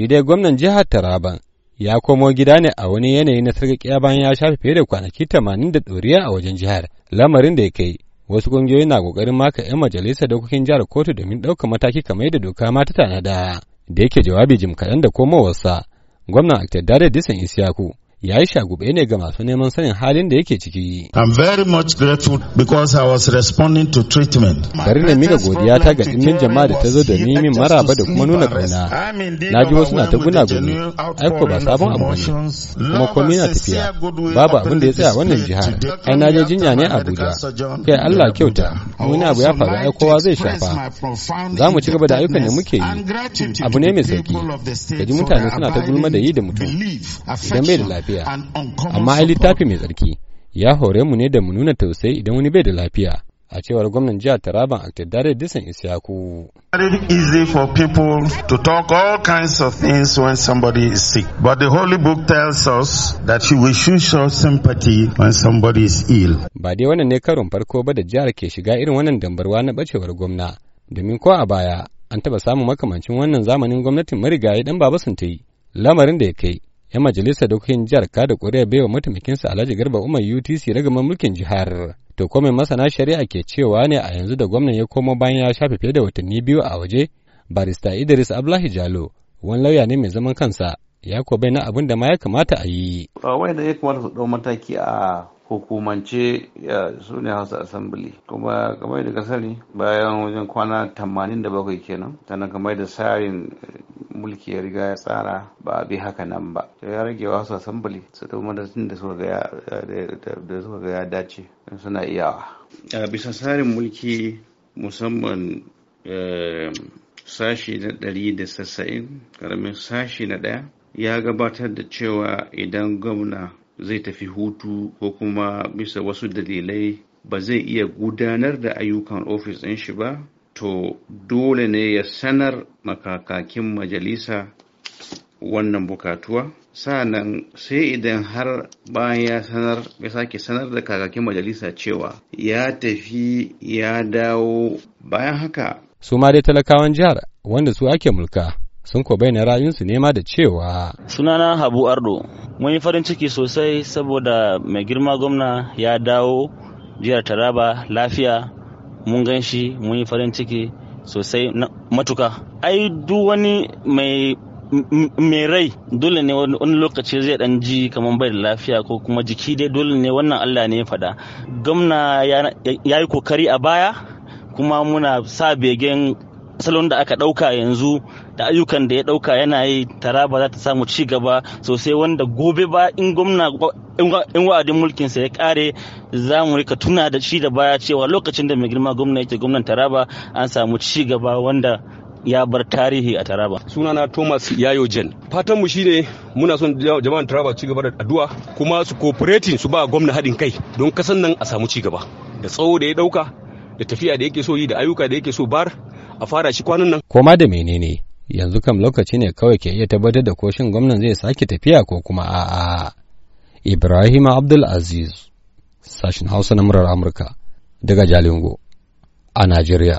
shi dai gwamnan jihar Taraban ya komo gida ne a wani yanayi na sarƙaƙiya bayan ya shafe fiye da kwanaki tamanin da ɗoriya a wajen jihar lamarin da ya kai wasu ƙungiyoyi na ƙoƙarin maka 'yan majalisar dokokin jihar kotu domin ɗaukar mataki kamar yadda doka ma ta tanada da yake jawabi jim kaɗan da komowarsa gwamnan aktar dare disan isiyaku ya yi shagube ne ga masu neman sanin halin da yake ciki. I'm very much grateful because I was responding to treatment. Bari na miga godiya ta ga dimmin jama'a da ta zo da nemi maraba da kuma nuna ƙauna. Na ji wasu na ta guna gumi, aiko ba sabon abu ne, kuma komai na tafiya. Babu abin da ya tsaya wannan jihar. Ai na je jinya ne a Abuja. Kai Allah kyauta, wani abu ya faru ai kowa zai shafa. Za mu ci gaba da ayyukan da muke yi. Abu ne mai sauki. ji mutane suna ta gulma da yi da mutum. Idan bai da lafiya. lafiya amma ai littafi mai tsarki ya hore mu ne da mu nuna tausayi idan wani bai da lafiya a cewar gwamnan jihar Taraban dare Disan Isiyaku. Very easy for people to talk all kinds of things when somebody is sick. But the Holy Book tells us that we should show sympathy when somebody is ill. Ba dai wannan ne karon farko ba da jihar ke shiga irin wannan dambarwa na bacewar gwamna. Domin ko a baya an taɓa samun makamancin wannan zamanin gwamnatin marigayi dan baba sun ta yi. Lamarin da ya kai 'yan majalisar dokokin jihar kada kuri'a baiwa mataimakinsa alhaji garba umar utc ragaman mulkin jihar to komai masana shari'a ke cewa ne a yanzu da gwamnan ya komo bayan ya shafe fiye da watanni biyu a waje barista idris abdullahi jalo wani lauya ne mai zaman kansa ya ko na abin da ma ya kamata a yi. da ya kamata su ɗau mataki a hukumance su ne House Assembly kuma kamar da kasari bayan wajen kwana 87 kenan sannan kamar da tsarin mulki ya riga ya tsara ba a bi haka nan ba to ya rage wasu asambili su ɗau madasin da suka ga ya dace suna iyawa a bisa tsarin mulki musamman eh, sashi na ɗari da sassa'in karamin sashi na ɗaya ya gabatar da cewa idan gwamna zai tafi hutu ko kuma bisa wasu dalilai ba zai iya gudanar da ayyukan ofis ɗin shi ba to dole ne ya sanar makakakin majalisa wannan bukatuwa sanan sai idan har bayan ya sanar ya sake sanar da kakakin majalisa cewa ya tafi ya dawo bayan haka su ma dai talakawan jihar wanda su ake mulka sun ko bayyana ra'ayinsu nema da cewa sunana habu ardo mun yi farin ciki sosai saboda mai girma gwamna ya dawo jihar taraba lafiya mun gan shi mun yi farin ciki sosai matuka ai duk wani mai mai rai dole ne wani lokaci zai dan ji kamar bai da lafiya ko kuma jiki dai dole ne wannan Allah ne ya faɗa gwamna ya yi kokari a baya kuma muna sa begen salon da aka ɗauka yanzu da ayyukan da ya dauka yana yi taraba za ta samu ci gaba sosai wanda gobe ba in gwamna in wa'adin sa ya kare za mu rika tuna da shi da baya cewa lokacin da mai girma gwamna yake gwamnan taraba an samu ci gaba wanda ya bar tarihi a taraba sunana thomas yayo jen fatanmu shine muna son jama'an taraba ci gaba da addu'a kuma su cooperating su ba gwamna hadin kai don kasan nan a samu ci gaba da tsawo da ya ɗauka da tafiya da yake so yi da ayyuka da yake so bar a fara shi kwanan nan koma da menene yanzu kam lokaci ne kawai ke iya tabbatar da ko koshin gwamnan zai sake tafiya ko kuma a'a Ibrahim Abdul Aziz sashin Hausa na murar Amurka daga Jalingo a Najeriya